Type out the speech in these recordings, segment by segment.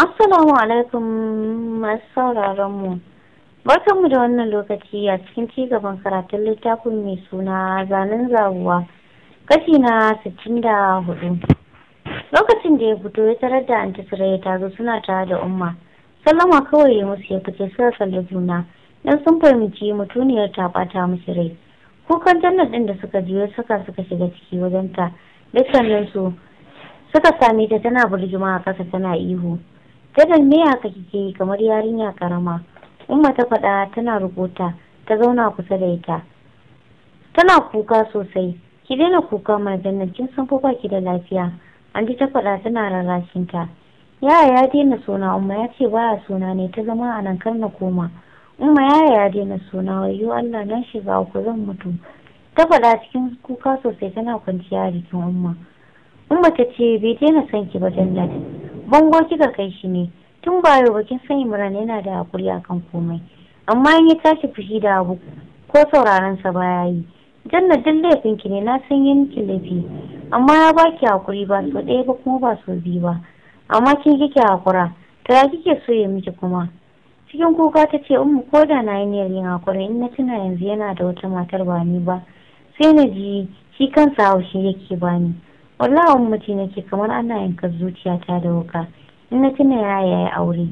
Assalamu alaikum masu sauraron mu. mu da wannan lokaci a cikin ci gaban karatun littafin mai suna zanen zabuwa kashi na sittin da hudu. Lokacin da ya fito ya tarar da anti ya tazo suna tare da umma. Sallama kawai ya musu ya fice suka kalli juna Dan sun fahimci mutuniyar ta bata musu rai. Kukan jannar ɗin da suka jiyo saka suka shiga ciki wajenta dukkaninsu suka sami ta tana burgima a ƙasa tana ihu. Jadal me ya kike yi kamar yarinya karama. Umma ta faɗa tana rubuta ta zauna kusa da ita. Tana kuka sosai. Ki daina kuka mai jannan kin san ko baki da lafiya. anji ta faɗa tana rarrashinta Yaya ya daina suna umma ya ce baya suna ne ta zama a nan kar na koma. Umma yaya ya daina suna wayo Allah na shiga ku zan mutu. Ta faɗa cikin kuka sosai tana kwanciya a jikin umma. Umma ta ce bai daina son ki ba jannat. bango kika kai shi ne tun ba yau bakin san muran yana da hakuri akan komai amma in ya tashi fushi da abu ko sauraron sa baya yi janna duk laifin ki ne na san yin ki laifi amma ya baki hakuri ba so ɗaya ba kuma ba so biyu ba amma kin kike hakura ta ya kike so ya miki kuma cikin kuka ta ce umu ko da na yi niyyar yin hakuri in na tuna yanzu yana da wata matar ba ni ba sai na ji shi kansa haushi yake ni. wallahi miji nake kamar ana yanka zuciyata da wuka in na tuna ya yayi aure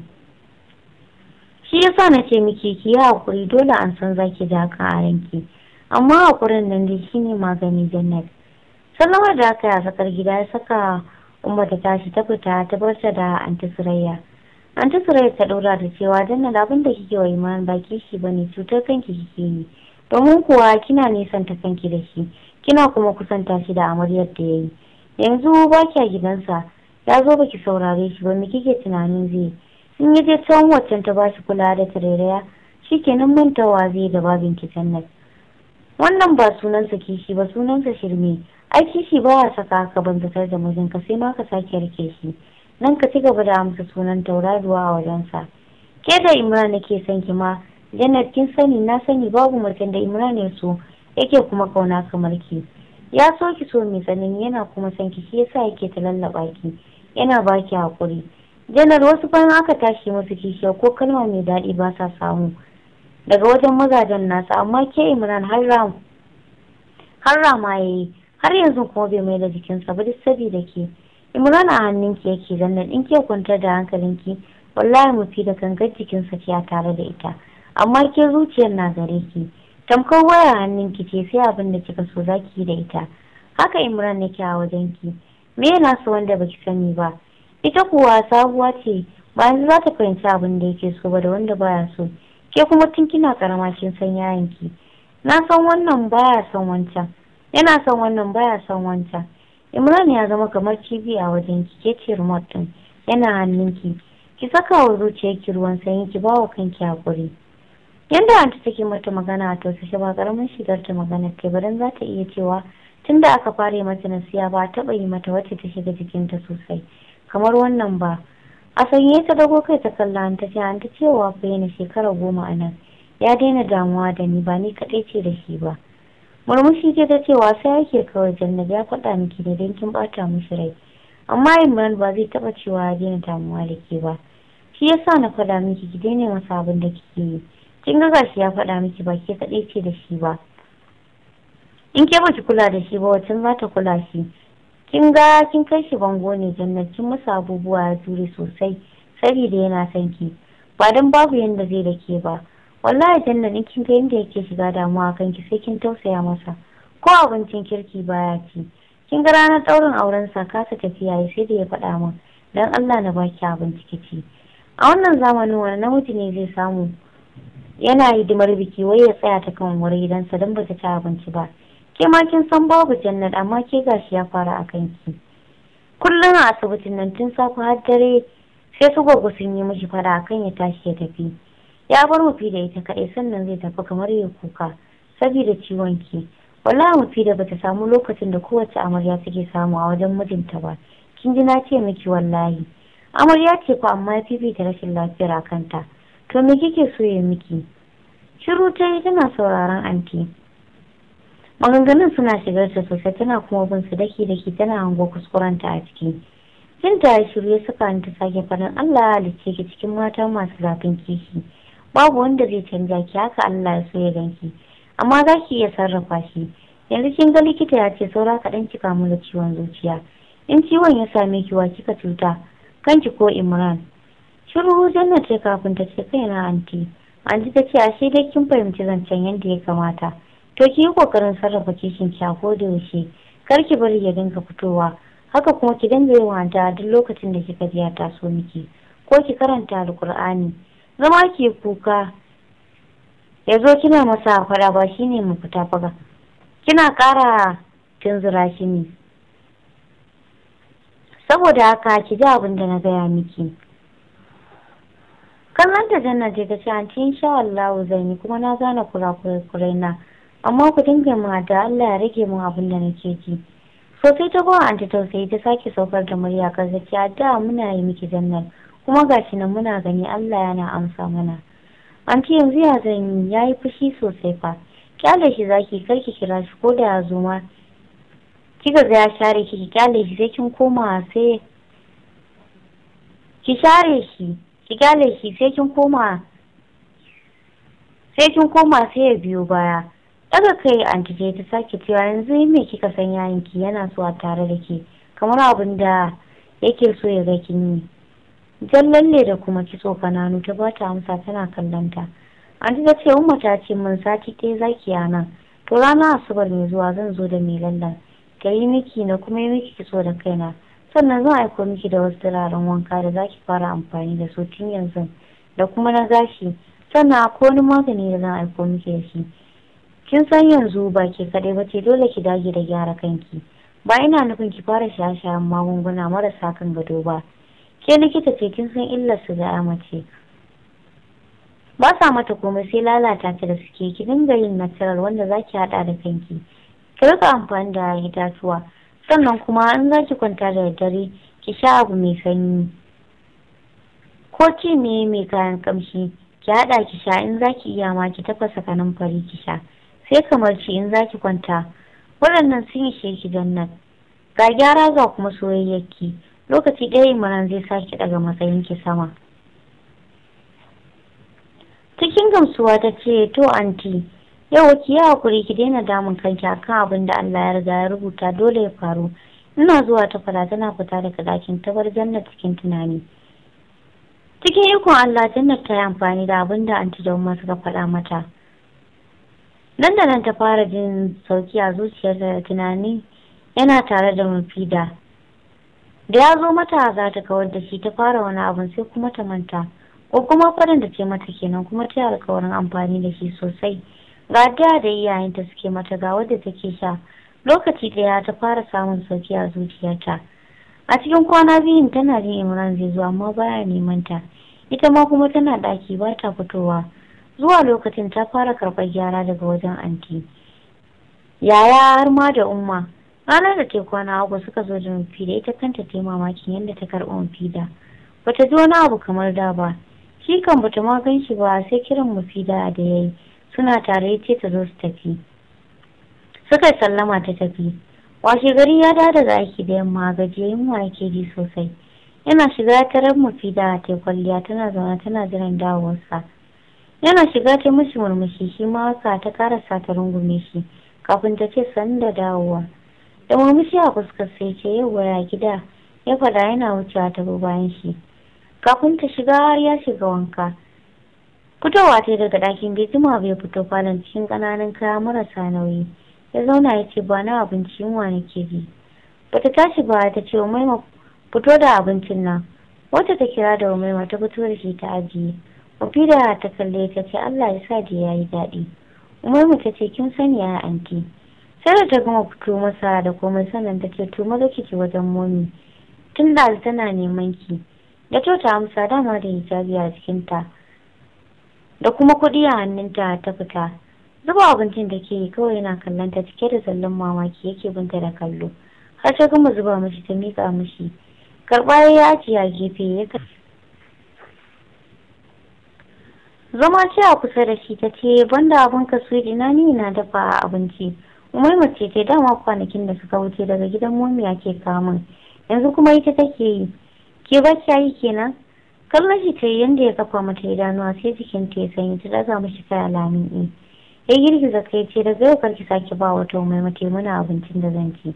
shi yasa na ce miki ki yi hakuri dole an san zaki da haka a ranki amma hakurin nan dai shine magani jannat sallamar da aka yi a tsakar gida ya saka umma ta tashi ta fita ta bar ta da anti surayya anti surayya ta ɗora da cewa jannat abin da kike wa iman ba kishi bane cutar kanki kike yi domin kuwa kina nisan kanki da shi kina kuma kusanta shi da amaryar da ya yi." yanzu ba kya gidansa ya zo baki saurare shi ba me kike tunanin zai in ya je can waccan ta ba shi kula da tarairaya shikenan mantawa zai da babin ki nan wannan ba sunansa kishi ba sunansa shirme ai kishi ba ya saka ka banzatar da mijinka sai ma ka sake rike shi nan ka ci gaba da amsa sunan tauraruwa a wajensa ke da imran nake son ki ma janar kin sani na sani babu mutum da imran ya so yake kuma kauna kamar ki ya so ki so mai tsanani yana kuma son ki shi yasa yake ta lallaba ki yana baki hakuri janar wasu bayan aka tashi musu kishiya ko kalma mai daɗi ba sa samu daga wajen mazajen nasa amma ke imran har rama ya yi har yanzu kuma bai mai da jikinsa ba duk saboda ke imran a hannunki yake zanna in ke kwantar da hankalinki wallahi mafi da gangar jikinsa ce a tare da ita amma ke zuciyar na gare ki tamkar waya hannun ki ce sai abin da kika so zaki yi da ita haka imran nake a wajen ki. me yana so wanda baki sani ba ita kuwa sabuwa ce ba yanzu za ta fahimci abin da yake so ba da wanda baya so ke kuma tun kina karama kin san ki na san wannan baya san wancan yana san wannan baya son wancan imran ya zama kamar cibi a wajen ke ce remote din yana hannun ki ki saka wa zuciyarki ruwan sanyi ki bawa wa kanki hakuri yanda ta take mata magana a tausashe ba karamin shigar ta magana ke barin za ta iya cewa tunda aka fara mata nasiya ba taba yi mata wacce ta shiga jikinta sosai kamar wannan ba a sanye ta dago kai ta kalla ta ce an cewa bai na shekara goma a nan ya daina damuwa da ni ba ni kaɗai ce da shi ba murmushi ke ta ce wasa yake kawai jannab ya faɗa miki da don kin ɓata mishi rai amma imran ba zai taɓa cewa ya daina damuwa da ke ba shi yasa na faɗa miki ki daina masa abin da kike yi kin ga gashi ya faɗa miki ba ke kaɗai ce da shi ba in ke baki kula da shi ba wacin za ta kula shi kin ga kin kai shi bango ne jannat kin masa abubuwa ya jure sosai da yana son ki ba dan babu yanda zai da ke ba wallahi jannat in kin ga yanda yake shiga damuwa kan ki sai kin tausaya masa ko abincin kirki baya ci kin ga ranar ɗaurin auren sa kasa tafiya ya sai da ya faɗa min dan Allah na baki abinci kici a wannan zamanin wani namiji ne zai samu yana hidimar biki wai ya tsaya ta kan wuri gidansa don bata ci abinci ba ke ma kin san babu jannat amma ke gashi ya fara a kan ki kullum a asibitin nan tun safe har dare sai su gwaggo sun yi mishi fada akan ya tashi ya tafi ya bar mu da ita kaɗai sannan zai tafi kamar ya kuka saboda ciwon ki wallahi fi da bata samu lokacin da kowace amarya take samu a wajen mijinta ba kin ji na ce miki wallahi amarya ce ko amma ya fifita rashin lafiyar a kanta to me kike so ya miki shiru ta yi tana sauraron anti maganganun suna shigar ta sosai tana kuma bin su daki daki tana hango kuskurenta a ciki jin ta ya shiru ya saka ni ta sake fadin allah ya halicce ki cikin mata masu zafin kishi babu wanda zai canja ki haka allah ya so ya ganki amma za ki iya sarrafa shi yanzu kin ga likita ya ce saura kaɗan ki kamu da ciwon zuciya in ciwon ya same ki wa kika cuta kanki ko imran shiru janna ce kafin ta ce kai na anti anti ta ce a dai kin fahimci zancen yadda ya kamata to ki yi kokarin sarrafa kishin ki a koda yaushe kar ki bari ya dinga fitowa haka kuma ki dinga yin wanta duk lokacin da kika ji ya taso miki ko ki karanta alkur'ani zama ki kuka ya zo kina masa faɗa ba shine mu fita faga kina ƙara tunzura shi ne saboda haka ki ji abin da na gaya miki kallon ta janna je ta ce anti insha Allah zan yi kuma na zana kura kurakurai na amma ku dinga ma da Allah ya rage mu abin da nake ji sosai ta gowa anti tausayi ta sake saukar da murya kan a da muna yi miki jannan kuma gashi nan muna gani Allah yana amsa mana anti yanzu ya zan yi yayi fushi sosai fa kyale shi zaki kar ki kira shi ko da ya zo ma kika ga ya share shi, ki kyale shi sai kin koma sai ki share shi ki kyale shi sai kin koma sai kin koma sai ya biyo baya daga kai antije ta sake cewa yanzu me kika san yayin ki yana so a tare da ke kamar abin da yake so ya ga kin yi jan lalle da kuma kitso kananu ta bata amsa tana kallonta anti ta ce umma ta ce mun sati ɗaya zaki a nan to rana asubar mai zuwa zan zo da mai lallan ka yi miki na kuma yi miki kitso da kaina sannan zan aiko miki da wasu turaren wanka da za ki fara amfani da su tun yanzu da kuma na gashi sannan akwai wani magani da zan aiko miki da shi kin san yanzu ba ke kaɗai ba ce dole ki dage da gyara kanki ba ina nufin ki fara shaye-shayen magunguna marasa kan gado ba ke likita ce kin san illar su ga mace ba sa mata komai sai lalata ta da suke ki dinga yin natural wanda za ki haɗa da kanki ki rika amfani da itatuwa sannan kuma in za ki kwanta da daddare ki sha abu mai sanyi ko ci ne mai kayan kamshi ki haɗa ki sha in za ki iya ma ki tafasa fari ki sha sai kamar ci in za ki kwanta waɗannan sun ishe ki nan ga gyara za kuma soyayyarki lokaci ɗaya maran zai sa ɗaga matsayin ki sama cikin gamsuwa ta ce to anti yau ki yi hakuri ki daina damun kanki akan abin da Allah ya riga ya rubuta dole ya faru ina zuwa ta fara tana fita daga dakin ta bar jannat cikin tunani cikin ikon Allah jannat ta yi amfani da abin da anti Jumma suka faɗa mata nan da nan ta fara jin sauki a zuciyarta da tunani yana tare da mafida da ya zo mata za ta kawar da shi ta fara wani abin sai kuma ta manta ko kuma farin da ce mata kenan kuma ta yi alkawarin amfani da shi sosai ga da da iyayen suke mata ga wadda take sha lokaci daya ta fara samun sauki a zuciyarta a cikin kwana biyun tana jin imran zai zo amma baya neman ta ita ma kuma tana ɗaki ba ta fitowa zuwa lokacin ta fara karɓar gyara daga wajen anti yaya har ma da umma ranar da ta kwana uku suka zo da mafi da ita kanta ta yi mamakin yadda ta karɓi da bata ji wani abu kamar da ba shi kan bata ma gan shi ba sai kiran mafi da ya yi suna tare ya ce ta zo su tafi suka sallama ta tafi washe gari ya dada zaki da yamma gajiya yunwa yake ji sosai yana shiga ta ran da ta kwalliya tana zaune tana jiran dawowarsa yana shiga ta mishi murmushi shi ma wasa ta karasa ta rungume shi kafin ta ce san da dawowa da murmushi a fuskar sai ce yau waya gida ya fada yana wucewa ta bayan shi kafin ta shiga har ya shiga wanka fitowa ta daga ɗakin bai jima bai fito falon cikin ƙananan kaya marasa nauyi ya zauna ya ce ba na abinci yunwa na ke ji ta tashi ba ta ce umaima fito da abincin nan wata ta kira da umaima ta fito da shi ta ajiye mafida ta kalle ta ce allah ya sa da ya yi daɗi umaima ta ce kin sani ya anti sai da ta gama fito masa da komai sannan ta ce to maza kike wajen momi tun da tana neman ki da to ta amsa dama da hijabi a jikinta da kuma kuɗi a hannunta ta fita zuba abincin da ke kawai yana kallon ta cike da tsallon mamaki yake binta da kallo har ta gama zuba mashi ta miƙa mashi karɓa ya yi aji a gefe ya zama ce a kusa da shi ta ce banda abin ka su ina ni na dafa abinci Umar ce ta dama kwanakin da suka wuce daga gidan momi ake kamun yanzu kuma ita take yi ke ba yi kenan kallon shi ta yanda ya kafa mata idanuwa sai jikin ta ya sanyi ta daga mashi kai alamin e ya girgiza kai ce daga yau karki sake ba wa mai mata mana abincin da zan ci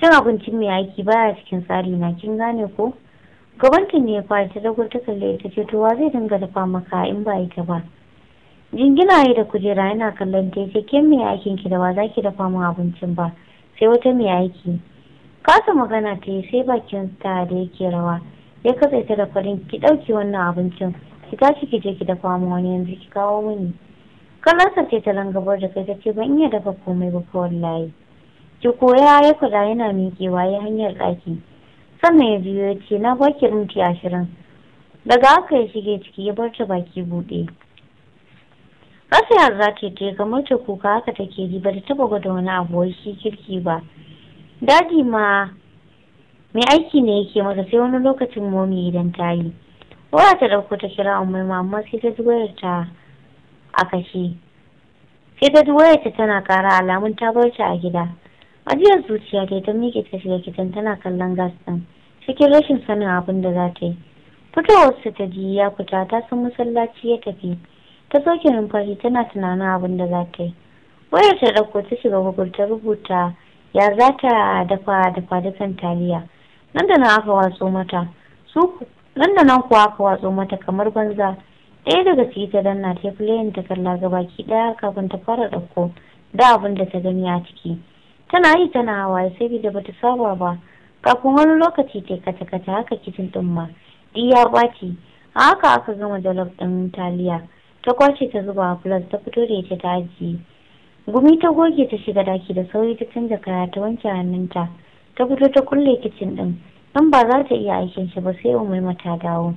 cin abincin mai aiki baya cikin tsari na kin gane ko gabanta ne ya fara ta dagwar ta kalle ta ce to wa zai dinga dafa maka in ba ita ba jingina ya da kujera yana kallon ta ce kin mai aikin ki da ba za ki dafa mu abincin ba sai wata mai aiki kasa magana ta yi sai bakin ta da yake rawa ya katse ta da farin ki ɗauki wannan abincin ki tashi ki je ki dafa mu wani yanzu ki kawo mini kallonsa ce ta langabar da kai ta ce ban iya dafa komai ba ko wallahi ki koya ya kula yana miƙewa ya hanyar ɗaki sannan ya biyo ya ce na baki minti ashirin daga haka ya shige ciki ya bar ta baki buɗe rasa yarda ce ta kamar ta kuka haka take ji ba ta taɓa gwada wani abu wai shi kirki ba Dadi ma mai aiki ne yake mata sai wani lokacin momi idan ta yi wata ta ɗauko ta kira mai mamma sai ta ji ta a kashe sai ta ji ta tana kara alamun ta bar ta a gida ajiyar zuciya ta yi ta miƙe ta shiga kitan tana kallon gas ɗin cikin rashin sanin abin da za ta yi su ta ji ya fita ta san masallaci ya tafi ta soke numfashi tana tunanin abin da za ta yi wayar ta ɗauko ta shiga gugul ta rubuta ya za ta dafa dafa dukan taliya nan da na aka watso mata su nan da nan kuwa aka watso mata kamar banza ɗaya daga ciki ta danna ta filayin ta kalla gabaki ɗaya kafin ta fara ɗauko da abin da ta gani a ciki tana yi tana hawa, hawaye saboda bata saba ba kafin wani lokaci ta kata kata haka kitin ɗin ma ya ɓaci a haka aka gama jalof ɗin taliya ta kwace ta zuba a filas ta fito da ita ta ajiye gumi ta goge ta shiga daki da sauri ta canza kaya ta wanke hannunta. ta fito ta kulle kicin ɗin don ba za ta iya aikin shi ba sai umaima ta dawo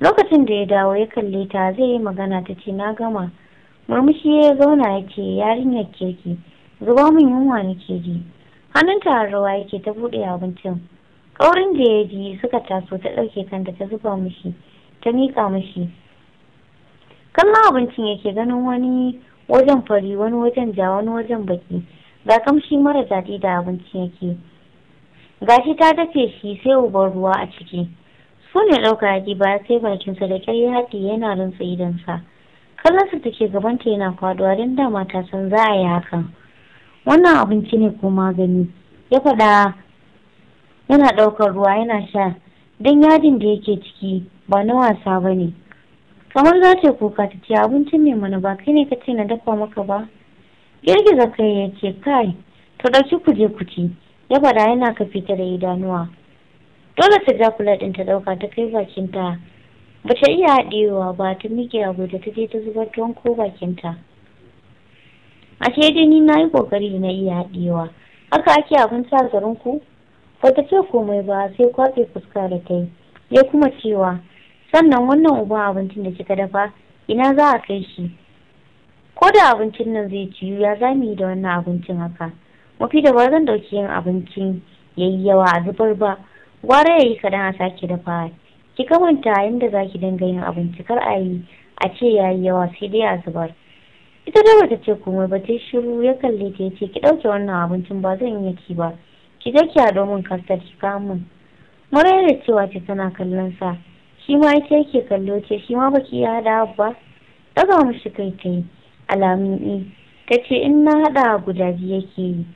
lokacin da ya dawo ya kalle ta zai yi magana ta ce na gama murmushi ya zauna ya ce yarinyar kirki zuba min yunwa ke ji hannunta rawa yake ta buɗe abincin ƙaurin da ya ji suka taso ta ɗauke kanta ta zuba mishi ta miƙa mishi kallon abincin yake ganin wani wajen fari wani wajen ja wani wajen baki ga kamshi mara daɗi da abincin yake gashi ta dafe shi sai uban ruwa a ciki su ne ɗauka yaji baya sai bakinsa da ƙyar ya haɗe yana sa. idansa kallonsa take gabanta yana faduwa don dama ta san za a yi hakan wannan abinci ne ko magani ya faɗa yana ɗaukar ruwa yana sha don yadin da yake ciki ba na wasa ba ne kamar za ta kuka ta ce abincin ne mana ba kai ne ka ce na dafa maka ba girgiza kai ya ce kai to ɗauki ku je ku ci ya fada yana ka fita da idanuwa dole ta ja kula ɗin ta ɗauka ta kai bakin ta ba ta iya haɗewa ba ta miƙe a da ta je ta zubar tuwon ko bakin ta a dai ni na yi ƙoƙari na iya haɗewa haka ake abin sa garin ku ba ta ce komai ba sai kwatse fuska da ta yi ya kuma cewa sannan wannan uban abincin da kika dafa ina za a kai shi ko da abincin nan zai ciyu ya yi da wannan abincin haka mafi da ba zan dauki yin abincin yayi yawa a zubar ba gwara yayi kadan a sake da fara. ki kamanta za zaki dinga yin abinci kar a yi a ce yayi yawa sai dai a zubar ita da ta ce komai ba ta shiru ya kalle ta ce, ki dauke wannan abincin ba zan iya ki ba ki je ki haɗo min kastar ki kawo min da cewa ce tana kallon sa shi ma ita yake kallo ce shi ma baki ya haɗa ba daga mishi kai ta yi alamun ta ce in na haɗa guda biyu yake yi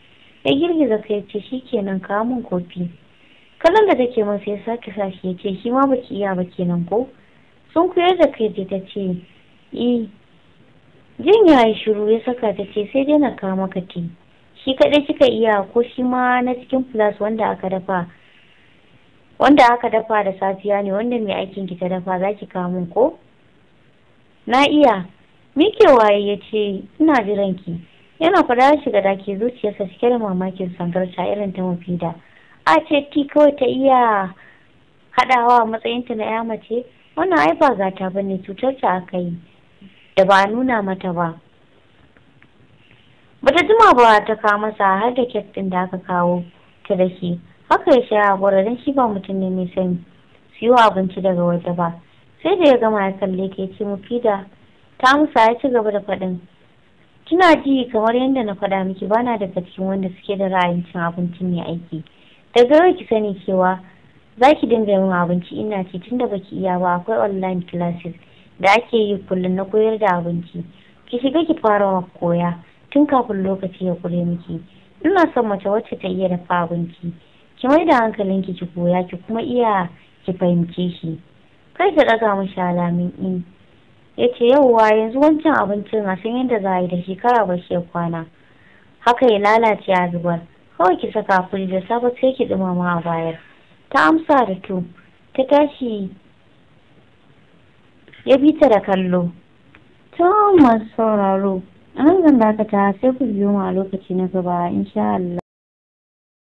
ya girgiza kai ya ce shi kawo min kofi kallon da take masa ya sake sashi ya ce shi ma baki iya ba kenan ko sun kuyar da kai ta ce eh jin ya yi shiru ya saka ta ce sai dai na kawo maka ti shi kaɗai kika iya ko shi ma na cikin plus wanda aka dafa wanda aka dafa da safiya ne wanda mai aikin ki ta dafa za ki kawo min ko na iya waye ya ce ina jiran ki yana fada ya shiga dake zuciyarsa cike da mamakin sangarta irin ta mafida a ce ti kawai ta iya haɗawa matsayinta na ya mace wannan ai ba gata ba ne cutar ta aka yi da ba a nuna mata ba bata jima ba ta kawo masa har da kek ɗin da aka kawo ta da shi haka ya sha gora don shi ba mutum ne mai sani siyo abinci daga waje ba sai da ya gama ya kalle ke ce mafida ta musa ya ci gaba da faɗin kina ji kamar yadda na faɗa miki bana daga cikin wanda suke da ra'ayin cin abinci mai aiki daga yau ki sani cewa za ki dinga yin abinci ina ce tun da baki iya ba akwai online classes da ake yi kullum na koyar da abinci ki shiga ki fara koya tun kafin lokaci ya kure miki ina son mace wacce ta iya dafa abinci ki mai da hankalinki ki koya ki kuma iya ki fahimce shi kai ka ɗaga mashi alamin in ya ce yauwa yanzu wancan abincin a san yadda za a yi da shekara ba ke kwana haka ya lalace a zubar kawai ki saka furi da safe sai ki dumama a bayar ta amsa da to ta tashi ya bi ta da kallo to masu sauraro A nan zan dakata sai ku biyo mu a lokaci na gaba insha Allah